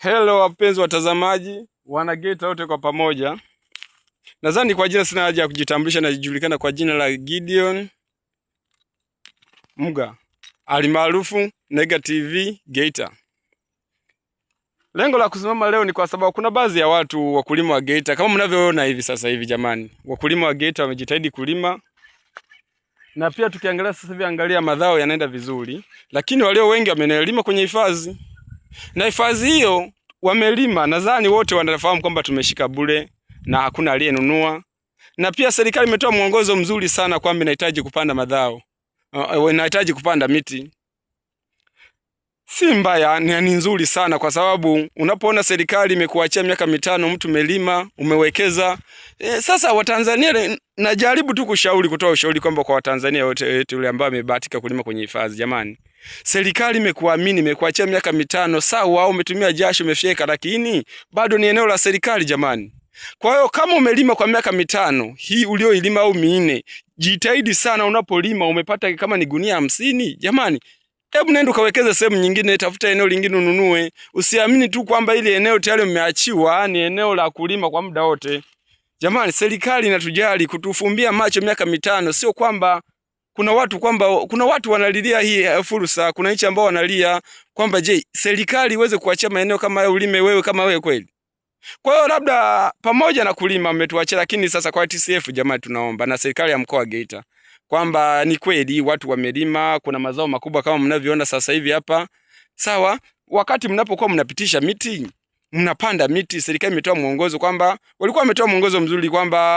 Hello wapenzi watazamaji, wana Geita wote kwa pamoja. Nadhani kwa jina sina haja ya kujitambulisha, najulikana kwa jina la Gideon Muga alimaarufu Negative TV Geita. Lengo la kusimama leo ni kwa sababu kuna baadhi ya watu wakulima wa Geita kama mnavyoona hivi sasa hivi, jamani, wakulima wa Geita wamejitahidi kulima na pia tukiangalia sasa hivi, angalia madhao yanaenda vizuri, lakini walio wengi wamenelima kwenye hifadhi na hifadhi hiyo wamelima, nadhani wote wanafahamu kwamba tumeshika bure na hakuna aliyenunua, na pia serikali imetoa mwongozo mzuri sana kwamba inahitaji kupanda madhao, uh, uh, inahitaji kupanda miti. Si mbaya, ni nzuri sana kwa sababu unapoona serikali imekuachia miaka mitano, mtu umelima, umewekeza. E, sasa Watanzania, najaribu tu kushauri, kutoa ushauri kwamba kwa Watanzania wote yule ambaye amebahatika kulima kwenye hifadhi, jamani Serikali imekuamini, imekuachia miaka mitano, sawa, au umetumia jasho, umefyeka, lakini bado ni eneo la serikali jamani. Kwa hiyo kama umelima kwa miaka mitano hii ulioilima au minne, jitahidi sana unapolima. Umepata kama ni gunia hamsini, jamani, hebu nenda ukawekeze sehemu nyingine, tafuta eneo lingine ununue. Usiamini tu kwamba ili eneo tayari umeachiwa, ni eneo la kulima kwa muda wote. Jamani, serikali inatujali kutufumbia macho miaka mitano, sio kwamba kuna watu kwamba kuna watu wanalilia hii eh, fursa, kuna nchi ambao wanalia kwamba je, serikali iweze kuachia maeneo kama hayo ulime wewe kama wewe kweli? Kwa hiyo labda pamoja na kulima umetuachia, lakini sasa kwa TCF jamani, tunaomba na serikali ya mkoa wa Geita kwamba ni kweli watu wamelima, kuna mazao makubwa kama mnavyoona sasa hivi hapa. Sawa, wakati mnapokuwa mnapitisha miti mnapanda miti, serikali imetoa mwongozo kwamba walikuwa wametoa mwongozo mzuri kwamba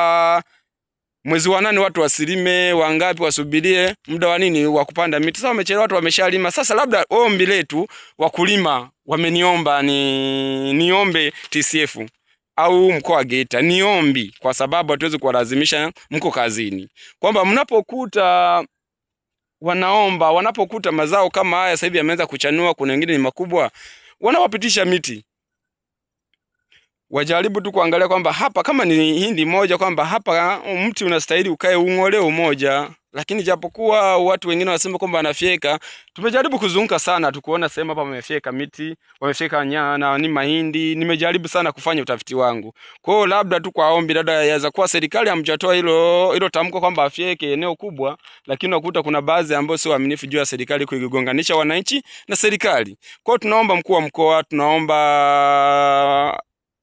mwezi wa nane watu wasilime, wangapi wasubirie muda wa nini wa kupanda miti. Sasa wamechelewa, watu wameshalima. Sasa labda ombi letu, wakulima wameniomba ni niombe TCF au mkoa wa Geita, niombi kwa sababu hatuwezi kuwalazimisha, mko kazini, kwamba mnapokuta wanaomba, wanapokuta mazao kama haya sasa hivi yameanza kuchanua, kuna wengine ni makubwa, wanawapitisha miti wajaribu tu kuangalia kwamba hapa kama ni hindi moja, kwamba hapa ah, mti unastahili ukae ung'ole umoja. Lakini japokuwa watu wengine wanasema kwamba anafyeka, tumejaribu kuzunguka sana tukuona sehemu hapa wamefyeka miti, wamefyeka nyana ni mahindi. Nimejaribu sana kufanya utafiti wangu. Kwa hiyo labda tu kwa ombi, labda yaweza kuwa serikali hamjatoa hilo hilo tamko kwamba afyeke eneo kubwa, lakini nakuta kuna baadhi ambao sio waaminifu juu ya serikali kuigonganisha wananchi na serikali. Kwa hiyo tunaomba mkuu wa mkoa, tunaomba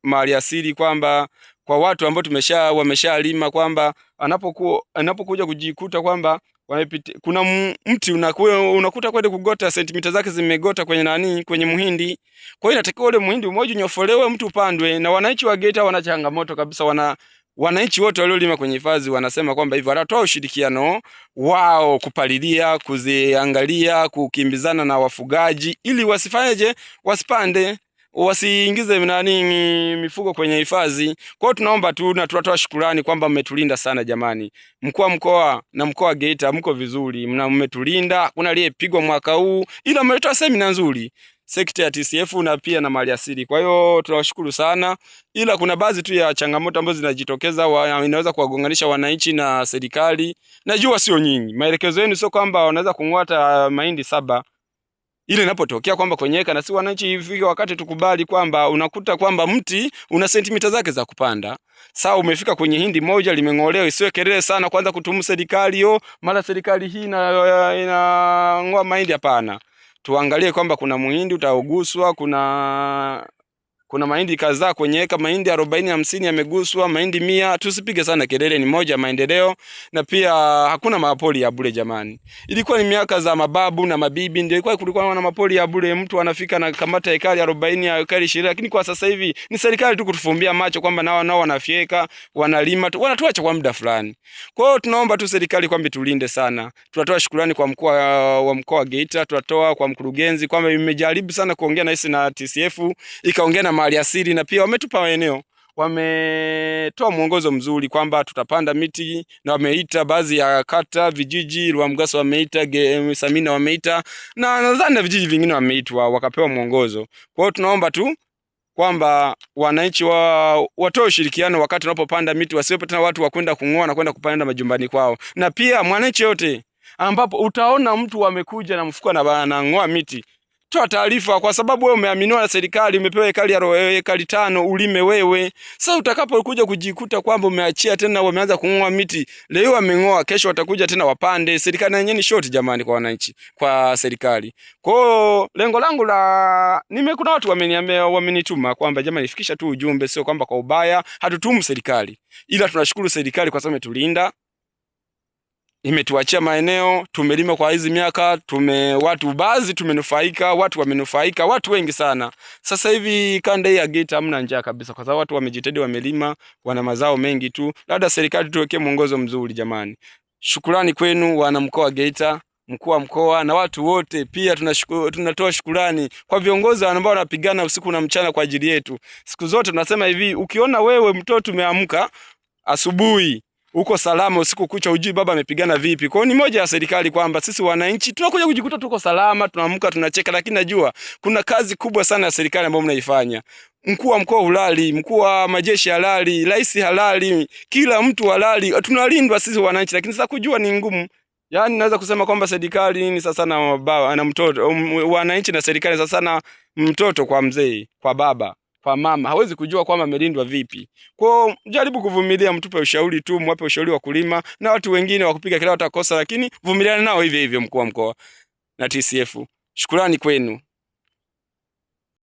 mali asili kwamba kwa watu ambao tumesha wameshalima kwamba anapokuwa anapokuja kujikuta kwamba wamepita, kuna mti unakuwa unakuta kwenda kugota sentimita zake zimegota kwenye nani, kwenye muhindi. Kwa hiyo inatakiwa ule muhindi mmoja unyofolewe, mtu upandwe. Na wananchi wa Geita wana changamoto kabisa, wana wananchi wote waliolima kwenye hifadhi wanasema kwamba hivyo wanatoa ushirikiano wao kupalilia, kuziangalia, kukimbizana na wafugaji ili wasifanyeje, wasipande wasiingize nani mifugo kwenye hifadhi. Kwa hiyo tunaomba tu na tunatoa shukurani kwamba mmetulinda sana jamani, mkuu wa mkoa na mkoa wa Geita, mko vizuri, mmetulinda. Kuna aliyepigwa mwaka huu, ila mmeleta semina nzuri sekta ya TCF na pia na maliasili. Kwa hiyo tunawashukuru sana, ila kuna baadhi tu ya changamoto ambazo zinajitokeza wa, inaweza kuwagonganisha wananchi na serikali. Najua sio nyingi, maelekezo yenu sio kwamba wanaweza kung'ata ah, mahindi saba ile inapotokea kwamba kwenye eka, na si wananchi, ifike wakati tukubali kwamba unakuta kwamba mti una sentimita zake za kupanda. sawa umefika kwenye hindi moja limeng'olewa, isiwe kelele sana kwanza kutumu serikali yo, mara serikali hii ina inang'oa mahindi. Hapana, tuangalie kwamba kuna muhindi utauguswa, kuna kuna mahindi kadhaa kwenye eka, mahindi arobaini hamsini yameguswa, mahindi mia. Tusipige sana kelele, ni moja maendeleo. Na pia hakuna mapoli ya bure jamani. Ilikuwa ni miaka za mababu na mabibi, ndio ilikuwa kulikuwa na mapoli ya bure, mtu anafika na kamata ekari arobaini ekari ishirini lakini kwa sasa hivi ni serikali tu kutufumbia macho kwamba nao nao wanafyeka, wanalima tu, wanatuacha kwa muda fulani. Kwa hiyo tunaomba tu serikali kwamba tulinde sana. Tunatoa shukrani kwa mkuu wa mkoa wa Geita, tunatoa kwa mkurugenzi kwamba imejaribu sana kuongea na sisi na TCF ikaongea na mali asili, na pia wametupa eneo, wametoa mwongozo mzuri kwamba tutapanda miti, na wameita baadhi ya kata, vijiji Ruamgaso wameita Samina wameita na nadhani na vijiji vingine wameitwa wakapewa mwongozo. Kwa hiyo tunaomba tu kwamba wananchi wa watoe ushirikiano wakati wanapopanda miti, wasiwepo tena watu wa kwenda kung'oa na kwenda kupanda majumbani kwao. Na pia mwananchi yote ambapo utaona mtu amekuja na mfuko na ng'oa miti, toa taarifa, kwa sababu wewe umeaminiwa na serikali, umepewa hekari ya roho, eh, hekari tano ulime wewe. Sasa utakapokuja kujikuta kwamba umeachia tena, wameanza kung'oa miti leo, wameng'oa kesho, watakuja tena wapande. Serikali yenyewe ni short jamani, kwa wananchi, kwa serikali. Kwa lengo langu la nime, kuna watu wameniambia, wamenituma kwamba jamani, fikisha tu ujumbe, sio kwamba kwa ubaya, hatutumu serikali, ila tunashukuru serikali kwa sababu imetulinda imetuachia maeneo, tumelima kwa hizi miaka tume, watu baadhi tumenufaika, watu wamenufaika, watu wengi sana. Sasa hivi kanda hii ya Geita hamna njaa kabisa, kwa sababu watu wamejitahidi, wamelima, wana mazao mengi tu. Labda serikali tuwekee mwongozo mzuri, jamani. Shukurani kwenu wana mkoa wa Geita, mkuu wa mkoa na watu wote. Pia tunashukuru, tunatoa shukurani kwa viongozi ambao wanapigana usiku na mchana kwa ajili yetu. Siku zote tunasema hivi, ukiona wewe mtoto umeamka asubuhi uko salama usiku kucha, ujui baba amepigana vipi. Kwa hiyo ni moja ya serikali kwamba sisi wananchi tunakuja kujikuta tuko salama, tunaamka tunacheka, lakini najua kuna kazi kubwa sana ya serikali ambayo mnaifanya. Mkuu wa mkoa halali, mkuu wa majeshi halali, rais halali, kila mtu halali, tunalindwa sisi wananchi, lakini sasa kujua ni ngumu. Yaani naweza kusema kwamba serikali ni sasa na baba na mtoto, um, wananchi na serikali sasa na mtoto kwa mzee, kwa baba kwa mama, hawezi kujua kwamba amelindwa vipi. Kwao jaribu kuvumilia, mtupe ushauri tu, mwape ushauri wa kulima na watu wengine wa kupiga kila watakosa, lakini vumiliana nao hivyo hivyo. Mkuu wa mkoa na TCF, shukrani kwenu.